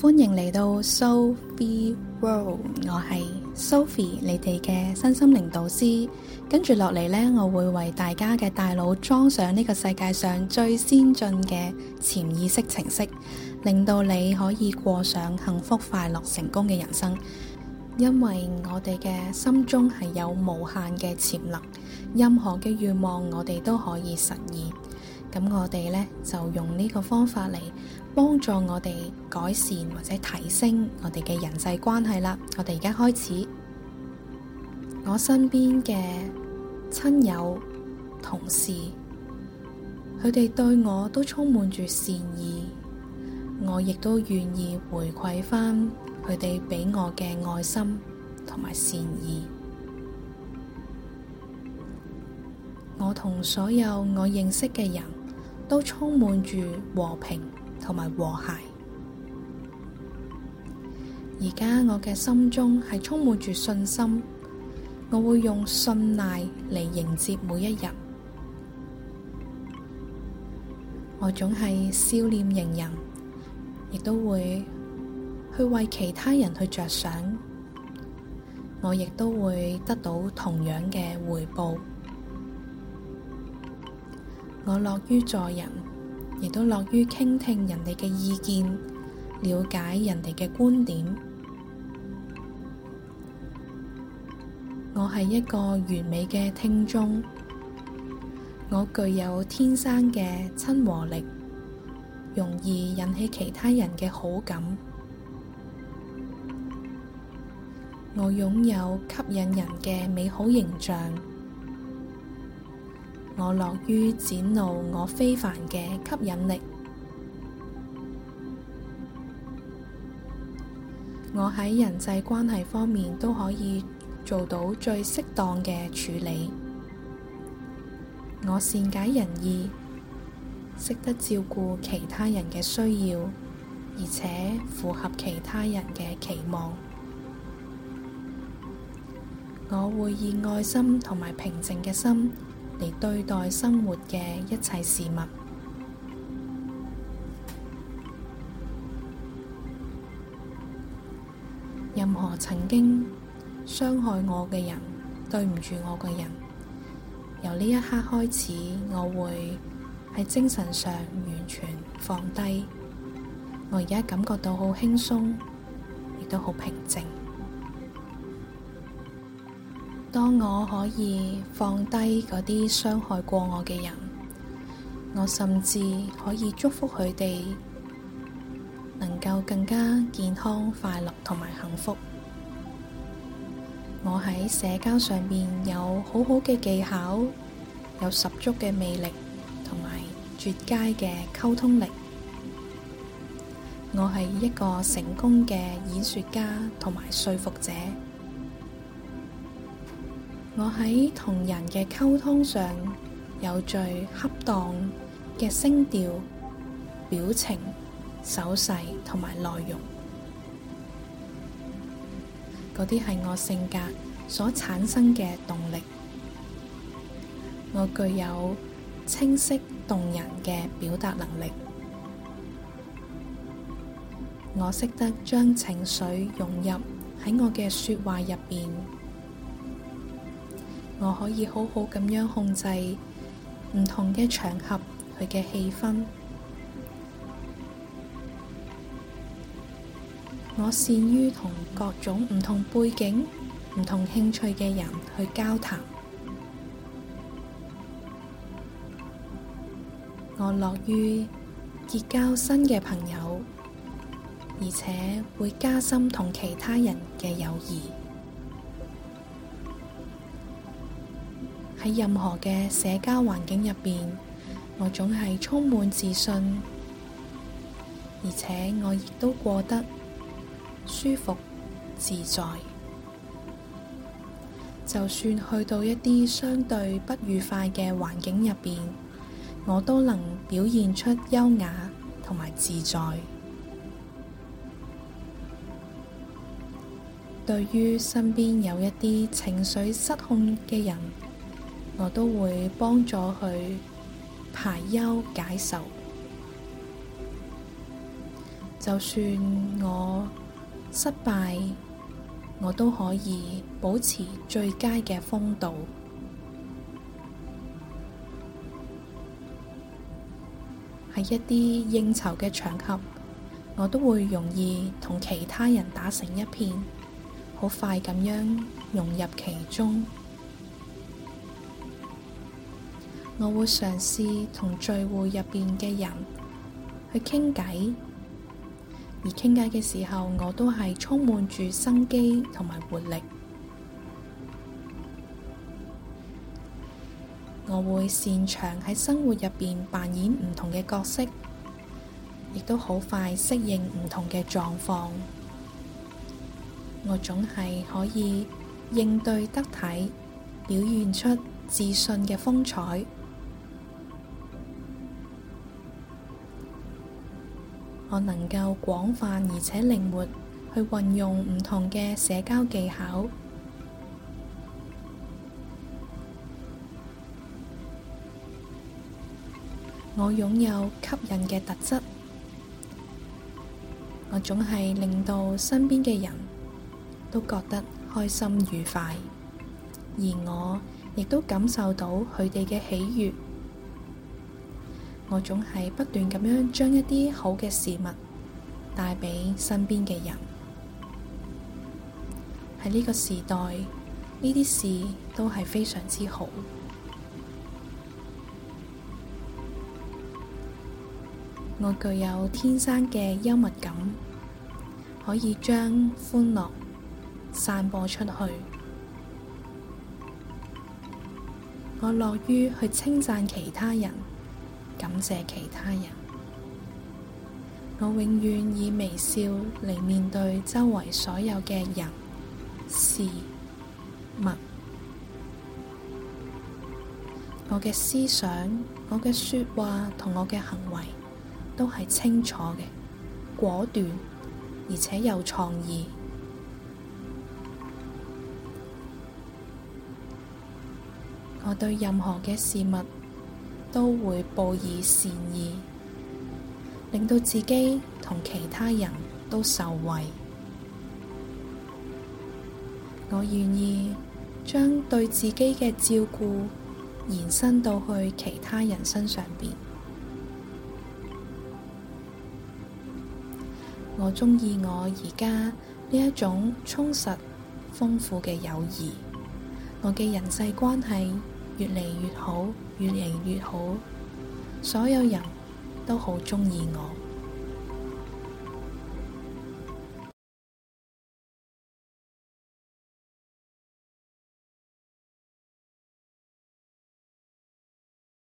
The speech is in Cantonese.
歡迎嚟到 Soul Free World，我係 Sophy，你哋嘅身心靈導師。跟住落嚟呢，我會為大家嘅大腦裝上呢個世界上最先進嘅潛意識程式，令到你可以過上幸福、快樂、成功嘅人生。因為我哋嘅心中係有無限嘅潛能，任何嘅願望我哋都可以實現。咁我哋呢，就用呢個方法嚟。幫助我哋改善或者提升我哋嘅人際關係啦。我哋而家開始，我身邊嘅親友、同事，佢哋對我都充滿住善意，我亦都願意回饋翻佢哋畀我嘅愛心同埋善意。我同所有我認識嘅人都充滿住和平。同埋和諧，而家我嘅心中係充滿住信心，我會用信賴嚟迎接每一日。我總係笑臉迎人，亦都會去為其他人去着想，我亦都會得到同樣嘅回報。我樂於助人。亦都樂於傾聽人哋嘅意見，了解人哋嘅觀點。我係一個完美嘅聽眾，我具有天生嘅親和力，容易引起其他人嘅好感。我擁有吸引人嘅美好形象。我樂於展露我非凡嘅吸引力。我喺人際關係方面都可以做到最適當嘅處理。我善解人意，識得照顧其他人嘅需要，而且符合其他人嘅期望。我會以愛心同埋平靜嘅心。嚟對待生活嘅一切事物，任何曾經傷害我嘅人、對唔住我嘅人，由呢一刻開始，我會喺精神上完全放低。我而家感覺到好輕鬆，亦都好平靜。當我可以放低嗰啲傷害過我嘅人，我甚至可以祝福佢哋能夠更加健康、快樂同埋幸福。我喺社交上面有好好嘅技巧，有十足嘅魅力同埋絕佳嘅溝通力。我係一個成功嘅演說家同埋說服者。我喺同人嘅溝通上有最恰當嘅聲調、表情、手勢同埋內容，嗰啲係我性格所產生嘅動力。我具有清晰動人嘅表達能力，我識得將情緒融入喺我嘅說話入邊。我可以好好咁樣控制唔同嘅場合佢嘅氣氛。我善於同各種唔同背景、唔同興趣嘅人去交談。我樂於結交新嘅朋友，而且會加深同其他人嘅友誼。喺任何嘅社交環境入邊，我總係充滿自信，而且我亦都過得舒服自在。就算去到一啲相對不愉快嘅環境入邊，我都能表現出優雅同埋自在。對於身邊有一啲情緒失控嘅人，我都會幫助佢排憂解愁，就算我失敗，我都可以保持最佳嘅風度。喺一啲應酬嘅場合，我都會容易同其他人打成一片，好快咁樣融入其中。我會嘗試同聚會入邊嘅人去傾偈，而傾偈嘅時候，我都係充滿住生機同埋活力。我會擅長喺生活入邊扮演唔同嘅角色，亦都好快適應唔同嘅狀況。我總係可以應對得體，表現出自信嘅風采。能夠廣泛而且靈活去運用唔同嘅社交技巧，我擁有吸引嘅特質，我總係令到身邊嘅人都覺得開心愉快，而我亦都感受到佢哋嘅喜悅。我總係不斷咁樣將一啲好嘅事物帶畀身邊嘅人，喺呢個時代，呢啲事都係非常之好。我具有天生嘅幽默感，可以將歡樂散播出去。我樂於去稱讚其他人。感謝其他人，我永遠以微笑嚟面對周圍所有嘅人事物。我嘅思想、我嘅說話同我嘅行為都係清楚嘅、果斷而且有創意。我對任何嘅事物。都會報以善意，令到自己同其他人都受惠。我願意將對自己嘅照顧延伸到去其他人身上面。我鍾意我而家呢一種充實豐富嘅友誼，我嘅人際關係越嚟越好。越嚟越好，所有人都好中意我。